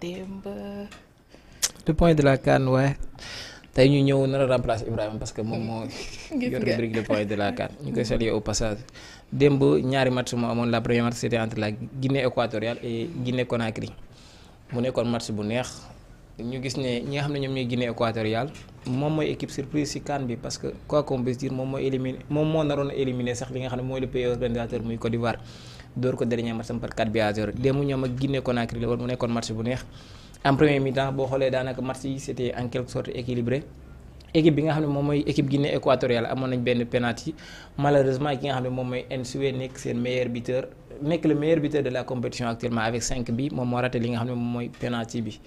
démb. le point de la CAN waaye tey ñu ñëw nar a remplacer parce que moom moo. yor rubrique le point de la CAN ñu koy mm-hmm. saluer au passage. démb ñaari match moo amoon la première match c'était entre la Guinée équatoriale et Guinée Conakry mu nekkoon match bu neex. ñu gis ne ñi nga xam ne ñoom ñooy Guinée équatoriale moom mooy équipe surprise ci CAN bi parce que quoi qu'on puisse dire moom mooy éliminé moom moo naroon a éliminé sax li nga xam ne mooy le pays organisateur muy Côte d'Ivoire door ko dernier match am par 4 bi à 0 ñoom ak Guinée Conakry la mu nekkoon match bu neex en premier mi boo xoolee daanaka match yi c'était en quelque sorte équilibré équipe bi nga xam ne moom mooy équipe Guinée équatoriale amoon nañ benn penalty malheureusement ki nga xam ne moom mooy Nsoué nekk seen meilleur buteur nekk le meilleur buteur de la compétition actuellement avec 5 bi moom moo raté li nga xam ne moom mooy penalty bi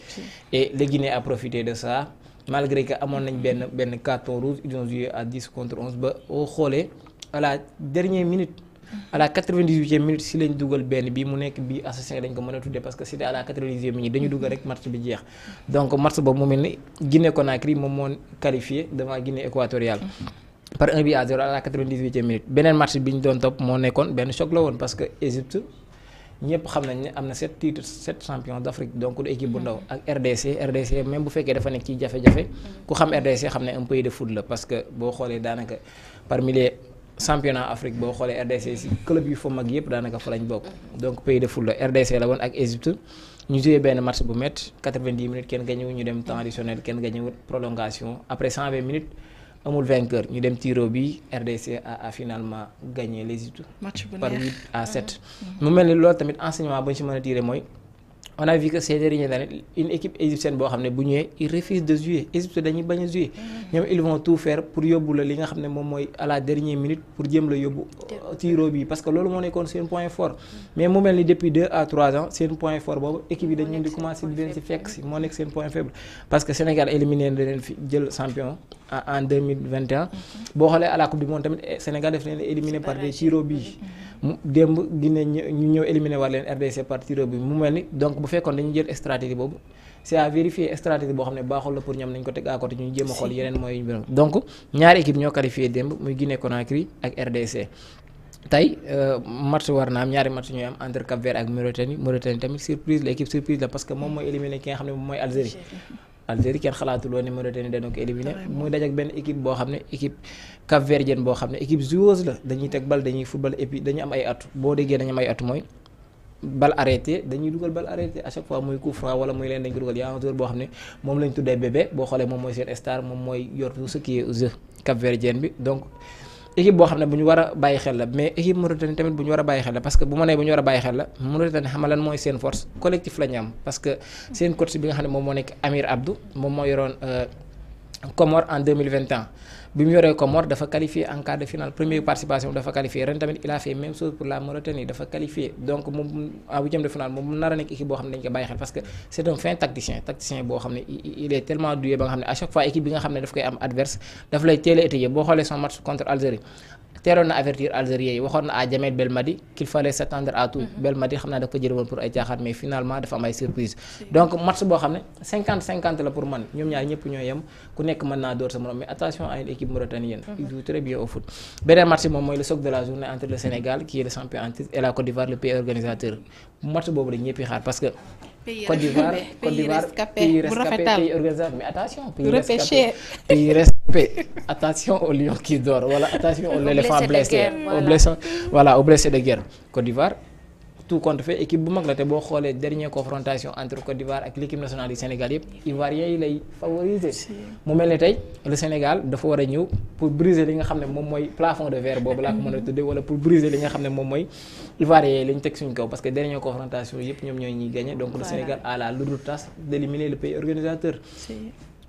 et le Guinée a profité de ça malgré que amoon nañ benn benn carton rouge ils ont joué à 10 contre 11 ba boo xoolee à la dernière minute à la 98e minute si lañ dugal benn bi mu nekk bii assassin dañ ko mën a tuddee parce que c'était à la 98e minute dañu dugal rek match bi jeex donc match boobu mu mel ni Guinée Conakry moom moo qualifié devant Guinée équatoriale par 1 but à 0 à la 98e minute beneen match bi ñu doon topp moo nekkoon benn choc woon parce que Égypte ñëpp xam ne am na sept titres sept champions d'Afrique donc du équipe bu ndaw ak RDC RDC dafa nekk ci jafe-jafe ku xam RDC xam ne un pays boo xoolee daanaka championnat Afrique boo xoolee RDC si club yu fa mag yëpp daanaka fa lañ bokk. donc pays de foule RDC la woon ak Égypte ñu joué benn match bu métti 90 minutes kenn gañewul ñu dem temps kenn gañewul prolongation après 120 minutes amul vainqueur ñu dem tiro bi RDC a a finalement gagné l'Égypte. match bu neex par 8 à 7. Mhm. mu mel ni loolu tamit enseignement bu si mën a tiré mooy. on a vu que ces dernières une équipe égyptienne boo xam ne bu ñëwee il refuse de jouer Égypte dañuy bañ a jouer ñoom ils vont tout pour yóbbu la li nga xam ne moom mooy à la minute pour jéem la yóbbu tiro bi parce que loolu moo nekkoon seen point fort mais mu mel ni depuis deux à trois ans seen point fort boobu équipe yi dañu di commencé di leen si fekk si moo nekk seen point faible parce que Sénégal éliminé na leen fi jël champion en boo xoolee à mu démb Guinée ñu ñëw éliminé war leen RDC par tireur bi mu mel ni donc bu fekkoon dañu jël stratégie boobu c'est à vérifier stratégie boo xam ne baaxul la pour ñoom nañ ko teg à côté ñu jéem xool yeneen mooy ñu donc ñaari équipe ñoo qualifié démb muy Guinée Conakry ak RDC. tey euh, match war na am ñaari match ñooy am entre Cap ak Mauritanie Mauritanie tamit surprise la équipe surprise la parce que moom mooy éliminé ki nga xam ne mooy Algérie. Algérie kenn xalaatuloo ne Mauritanie dana ko éliminer muy daj ak benn équipe boo xam ne équipe cap-verdienne boo xam ne équipe joueuse la dañuy teg bal dañuy football et puis dañuy am ay atu boo déggee dañu am ay atu mooy bal arrêté dañuy dugal bal arrêté à chaque fois muy coup franc wala muy leen dañ dugal yaa un boo xam ne moom lañ tuddee bébé boo xoolee moom mooy seen star moom mooy yor tout ce qui est bi donc équipe boo xam ne bu ñu war a bàyyi xel la mais équipe Mauritanie tamit bu ñu war a bàyyi xel la parce que bu ma nee bu ñu war a bàyyi xel la Mauritanie xam lan mooy seen force collectif la ñu am parce que seen coach bi nga xam ne moom moo nekk Amir Abdou moom moo yoroon euh, Comore en bi mu yoree Comore dafa qualifié en quart de première participation dafa qualifié ren tamit il a fait même chose pour la Mauritanie dafa qualifié donc moom en huitième de finale moom nar a nekk équipe boo xam ne dañ bàyyi xel parce que c' est fin tacticien tacticien boo xam ne il est tellement doué ba nga xam ne à chaque fois équipe bi nga xam ne daf koy am adverse daf lay teel a boo xoolee son match contre Algérie teeloon na avertir algérien yi waxoon na à Djamal Belmadi qu'il fallait s'attendre à tout mm-hmm. Belmadi xam naa da ko jël woon pour ay caaxaan mais finalement dafa am surprise donc match boo xam ne 50 50 la pour man ñoom ñaar ñëpp ñoo yem ku nekk mën naa door sa morom mais attention à une équipe mauritanienne mm-hmm. beneen match moom mooy le choc de la journée entre le Sénégal qui est champion en et la Côte d'Ivoire le pays organisateur match P attention au lion qui dort wala voilà, attention au l'éléphant blessé au blessé voilà au blessé de guerre Côte d'Ivoire tout compte fait équipe bu mag la te boo xoolee dernière confrontation entre Côte d'Ivoire ak l'équipe nationale du Sénégal yëpp Ivoiriens yi lay favoriser mu mel ne tey le Sénégal dafa war a ñëw pour briser li nga xam ne moom mooy plafond de verre boobu laa ko mën a tuddee wala pour briser li nga xam ne moom mooy Ivoiriens yi lañ teg suñ kaw parce que dernière confrontation yëpp ñoom ñooy ñuy gagné donc le Sénégal a la lourde tâche d'éliminer le pays organisateur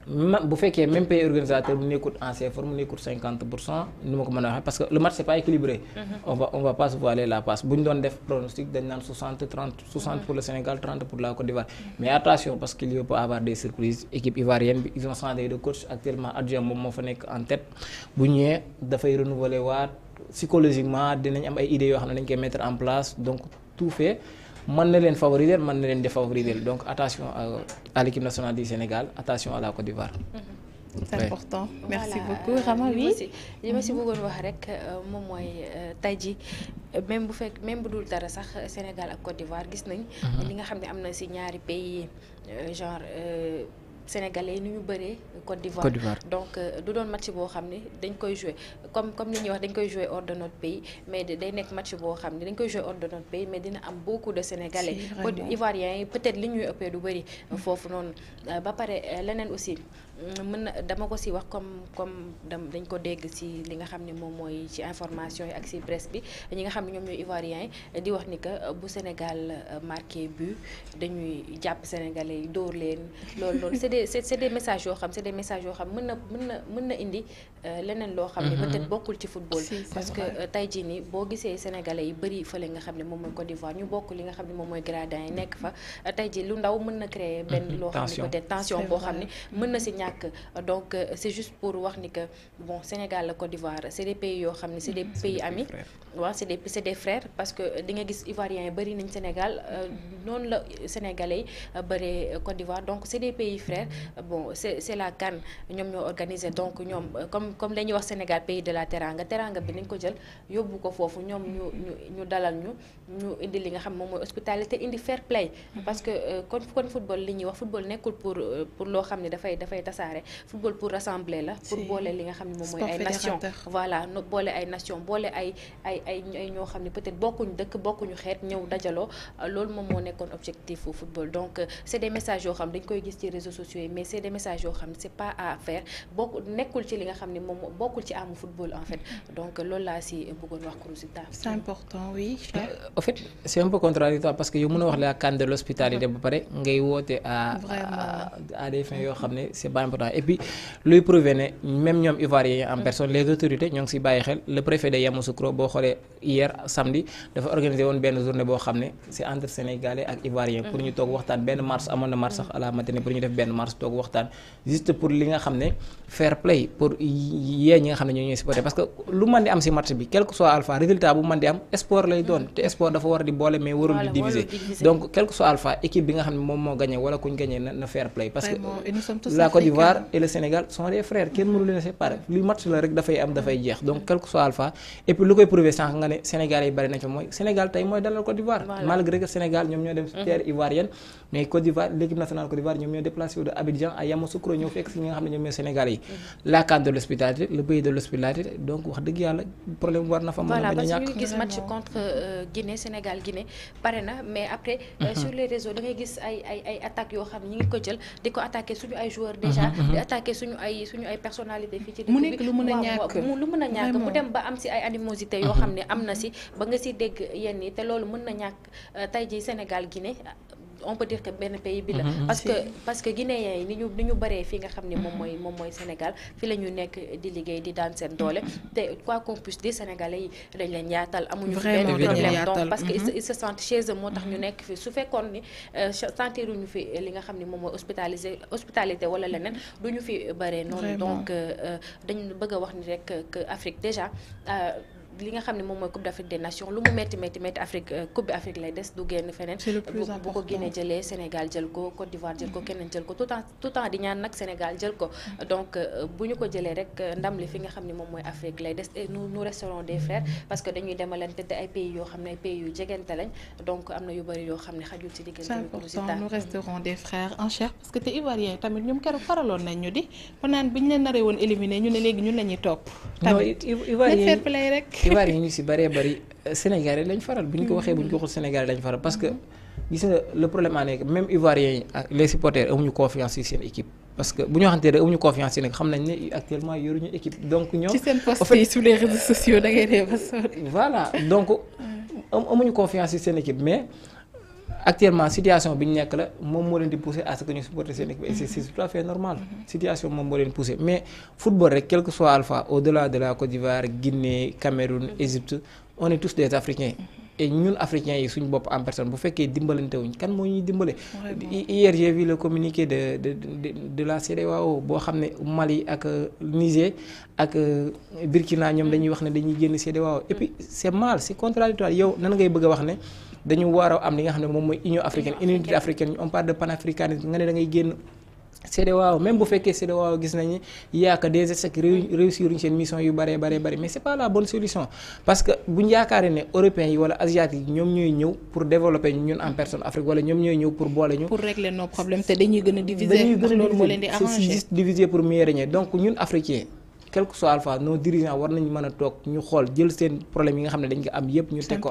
même bu fekkee même pays organisateur bu nekkut en CFR mu nekkut pour cent ni ma ko mën a waxee parce que le match c' est pas équilibré. Mm-hmm. on va on va pas se la passe bu ñu doon def pronostic dañ naan soixante trente soixante mm-hmm. pour le Sénégal trente pour la Côte d'Ivoire. mais attention parce que il peut y avoir des surprises équipe ivoirienne bi ils ont changé de coach actuellement adjoint moom moo fa nekk en tête bu ñëwee dafay renouveler waat psychologiquement mën na leen favoriser mën na leen défavoriser donc attention à, à l'équipe nationale du Sénégal attention à la Côte d'Ivoire. c'est important merci beaucoup Rama oui li ma si bëggoon wax rek euh, moom mooy euh, tey jii même bu fekk même bu dul dara sax Sénégal ak Côte d'Ivoire gis nañ mhm. li nga xam ne am na si ñaari pays euh, genre. sénégalais yi nu ñu bëree Côte d'Ivoire donc euh, du doon match boo xam ne dañ koy joue comme comme ni ñuy wax dañ koy jouer hors de notre pays mais day nekk match boo xam ne dañ koy jouer hors de notre pays mais dina am beaucoup de sénégalais Côte ivoiriens yi peut-être li ñuy ëppee du bëri foofu noonu euh, ba pare euh, leneen aussi mm, mën na dama ko si wax comme comme dañ ko dégg si li nga xam ni moom mooy ci information yi ak si presse bi ñi nga xam ne ñoom ñooy ivoiriens yi di wax ni que bu Sénégal marqué but dañuy jàpp sénégalais yi dóor leen loolu loolu des c'est des messages yoo xam c'est des messages yoo xam mën na mën na mën na indi Euh, leneen loo xam ne mhm. peut-être bokkul ci football parce que euh, tey jii ni boo gisee sénégalais yi bëri fële nga xam ne moom mooy Côte d'Ivoire ñu bokk li nga xam ne moom mooy gradin yi nekk fa euh, tey jii lu ndaw mën na créer benn mhm. loo xam ne peut-être tension boo xam ne mën na si ñàkk donc c'est juste pour wax ni que bon Sénégal la Côte d'Ivoire c'est des pays yoo xam ne c'est des pays amis waaw c'est des c'est parce que di nga gis Ivoiriens yi bari nañ Sénégal noonu la Sénégalais yi bëree Côte d'Ivoire donc c'est des pays bon c'est la CAN ñoo organisé donc comme dañuy wax Sénégal pays de la teranga teranga bi nañ ko jël yóbbu ko foofu ñoom ñu ñu ñu dalal ñu ñu indi li nga xam moom mooy hospitalité indi fair play mm-hmm. parce que euh, kon football li ñuy wax football nekkul pour euh, pour loo xam ne dafay dafay tasaare football pour rassembler la pour boole li xam ne moom mooy ay nation voilà boole ay boole ay ay ay ay ñoo xam ne peut-être xeet ñëw dajaloo loolu moo nekkoon objectif football donc euh, c'est des messages yoo xam dañ koy gis ci réseaux sociaux yi ne c'est pas à nekkul ci li nga xam ne moom bokkul ci amu football en fait donc loolu laa si bëggoon wax Kourouzitaa. c'est important oui. Euh, en fait c'est un contradictoire parce que yow mën a wax la CAN de l'hospitalité ba pare ngay woote à à yoo xam ne c'est pas important et puis luy prouver ne même ñoom Ivoiriens en personne les autorités ñoo ngi siy bàyyi xel le préfet de Yamoussoukro boo xoolee. hier samedi dafa organisé woon benn journée boo xam ne c'est entre sénégalais ak ivoirien pour ñu toog waxtaan benn marche amoon na marche sax pour ñu def benn marche toog waxtaan juste pour li nga xam ne fair play pour yee ñi nga xam ne ñoo ñooy supporté parce que lu mën di am si match bi quel soit alpha résultat bu mën di am sport lay doon te sport dafa war di boole mais warul di diviser donc quel soit alpha équipe bi nga xam ne moom moo gagné wala ne Sénégal yi bari na ci mooy Sénégal tey mooy dalal Côte d'Ivoire malgré Sénégal ñoom ñoo dem ci mhm. terre ivoirienne mais Côte d'Ivoire l'équipe nationale Côte d'Ivoire ñoom ñoo déplacé de Abidjan à Yamoussoukro ñëw fekk si nga xam ne ñoom ñooy Sénégal yi mhm. la carte de l'hospitalité le pays de l'hospitalité donc wax dëgg yàlla problème war na fa mën a a ñu a ñàkk mu a dem ba am si ay animosité yoo mhm. xam ne am na si ba nga si dégg yenn yi te loolu mën na ñàkk euh, tey jii Sénégal Guinée euh, on peut dire que benn pays bi la. Mm-hmm, mm-hmm. parce que parce que guinéens yi ni ñu ni ñu bëree fii nga xam ni moom mooy mm-hmm. moom mooy Sénégal fi la ñu nekk di liggéey di daan seen doole te quoi qu'on puisse dire yi dañ leen yaatal. amuñu benn problème donc parce que ils se sentent chez moo tax ñu nekk fi su fekkoon ni euh, sentiruñu fi li nga xam ni moom mooy hospitalisé hospitalité wala leneen du ñu fi bëree noonu. donc dañu bëgg a wax ni rek Afrique déjà. li nga xam ne moom mooy coupe d' afrique des nations lu mu métti métti métti Afrique euh, coupe bi Afrique lay des du génn feneen bu ko Guinée jëlee Sénégal jël ko Côte d'Ivoire jël ko mm-hmm. keneen jël ko tout temps tout temps mm-hmm. euh, rek euh, ndam li fi nga xam ne moom mooy Afrique lay des et des frères parce que dañuy demalante te ay pays yoo xam ne ay pays yu jegante lañ donc am na yu bëri yoo xam ne xajul ci diggante bi nous resterons des frères en chair parce que te ivoirien tamit ñoom keroog faraloon nañ ñu di ma naan bi ne léegi ñun la ñuy topp tamit fair play rek xibaar yi ñu si bëree bëri euh, Sénégalais lañ faral bu ñu ko waxee bu ñu ko waxul Sénégalais lañ faral parce que mm-hmm. gis nga le problème à nekk même Ivoiriens yi ak les supporters amuñu confiance si seen équipe. parce que bu ñu waxantee rek amuñu confiance si nag xam nañ ne actuellement yoruñu équipe donc ñoom. ci seen poste yi sur les réseaux sociaux da ngay dee voilà donc amuñu confiance si seen équipe mais. actuellement situation bi ñu nekk la moom moo leen di pousser à ce que ñu supporter seen équipe et c'est fait normal mm-hmm. situation moom moo leen pousser mais football rek quel que soit alpha au-delà de la Côte d'Ivoire Guinée Cameroun mm-hmm. Égypte on est tous des Africains mm-hmm. et ñun africains yi suñu bopp en personne bu fekkee dimbalante wuñ kan moo ñuy dimbale. hier j'ai communiqué de de de de la CEDEAO boo xam ne Mali ak euh, Niger ak euh, Burkina ñoom dañuy wax ne dañuy génn CEDEAO et puis c'est mal c'est contradictoire yow nan bëgg a wax ne. dañu war am li nga xam ne moom mooy union africaine unité africaine ñu on parle de panafricanisme nga ne da ngay génn CEDEAO même bu fekkee CEDEAO gis nañu yaaka des échecs réussir uñu seen mission yu bare bare bare mais c'est pas la bonne solution parce que buñ yaakaaree ne européens yi wala asiatiques ñoom ñooy ñëw pour développer ñu ñun en personne Afrique wala ñoom ñooy ñëw pour boole ñu. pour régler nos problèmes te dañuy gën a diviser. dañuy gën pour mieux régner donc ñun war nañu mën a toog ñu xool jël seen problème yi nga xam ne dañ am yépp ñu ko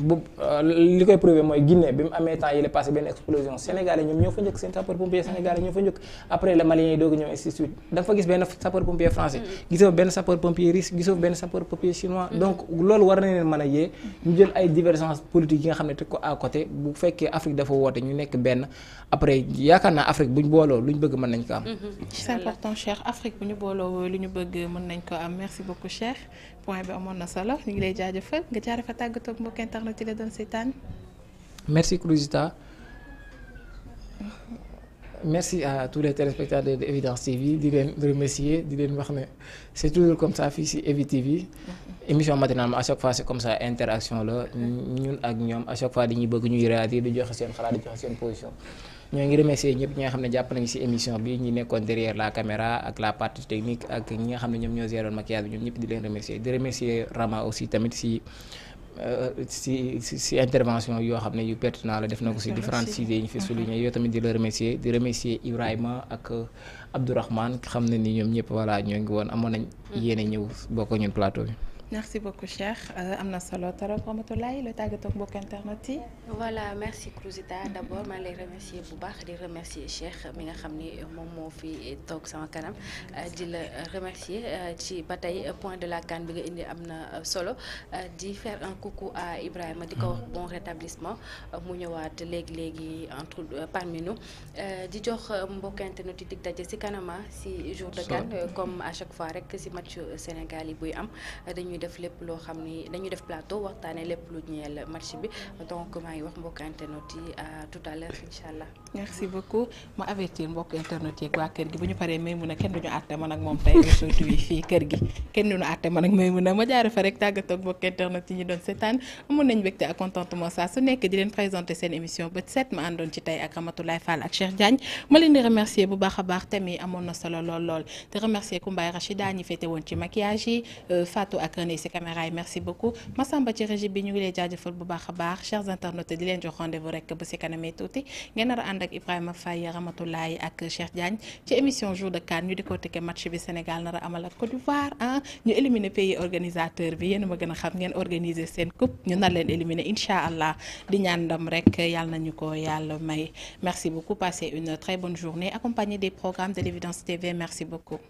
bu euh, li koy prouvé mooy Guinée bi mu amee temps yi la passé benn explosion sénégalais ñoom ñoo fa njëkk seen sapeur pompier sénégalais ñoo fa njëkk après le malien yi ñëw ainsi de gis benn sapeur pompier français mm-hmm. gisoo benn sapeur pompier russe gisoo benn sapeur pompier chinois mm-hmm. donc loolu war na leen mën yee ñu jël ay divergence politique yi nga xam ne teg ko à bu fekkee Afrique dafa woote ñu nekk benn après yaakaar naa Afrique mm-hmm. bu booloo lu ñu point bi amoon na solo ñu ngi lay jaajëfal nga jaare fa tàggatoo ak mbokk internet yi la doon seetaan. merci Cruzita merci à tous les téléspectateurs de Evidence TV di leen remercier di leen wax ne c'est toujours comme ça fii ci Evi TV émission matinale ma à chaque fois comme ça interaction la ñun ak ñoom à chaque fois dañuy bëgg ñuy réagir di joxe seen xalaat di joxe seen position. ñoo ngi remercier ñëpp ñi xam ne jàpp nañu ci émission bi ñu nekkoon derrière la caméra ak la partie technique ak ñi nga xam ne ñoom ñoo géroon maquillage bi ñoom ñëpp di leen remercier di remercier Rama aussi tamit ci ci ci intervention yoo xam ne yu pertinent la def na ko ci différents sujets yi ñu fi souligné yoo tamit di la remercier di remercier Ibrahima ak euh, Abdourahmane xam ne ni ñoom ñëpp voilà ñoo ngi woon amoon nañ mm. yéene ñëw bokk ñun plateau merci beaucoup Cheikh euh, am na solo trop Ramatoulaye la tàggatoo mbokk internet yi. voilà merci Cruzita d' abord maa ngi lay remercier bu baax di remercier Cheikh mi nga xam ni moom moo fi toog sama kanam euh, di la remercier euh, ci ba tey point de la CAN bi nga indi am na solo di faire un coucou a Ibrahima di ko wax bon rétablissement mu ñëwaat léegi léegi entre parmi nous di jox mbokk internet yi dig daje si kanama si jour de CAN comme à chaque fois rek si match Sénégal yi buy am dañuy. def lépp loo xam ni dañuy def plateau waxtaanee lépp lu ñeel match bi donc maa wax mbokk internet yi à tout à l'heure incha allah. merci beaucoup ma avertir mbokk internet yi ak waa kër a àtte man ak moom tey surtout yi fii a ma jaare fa rek tàggatoo mbokk internet yi doon seetaan amoon nañ mbégte ak contentement saa su nekk di leen présenter seen émission bët set ma àndoon ci tey ak Ramatoulaye Fall ak Cheikh Diagne ma leen remercier bu baax a baax thème amoon ne si caméra yi merci beaucoup Massamba ci régie bi ñu ngi lay jaajëfal bu baax a baax chers internautes di leen jox rendez-vous rek ba si kanamee tuuti ngeen nar a ànd ak Ibrahima Faye Ramatoulaye ak Cheikh Diagne ci émission jour de CAN ñu di ko tëkkee match bi Sénégal nar a amal ak Côte d'Ivoire ah ñu éliminer pays organisateur bi yéen ma gën a xam ngeen organiser seen coupe ñu nar leen éliminer incha allah di ñaan ndam rek yàlla nañu ko yàlla may merci beaucoup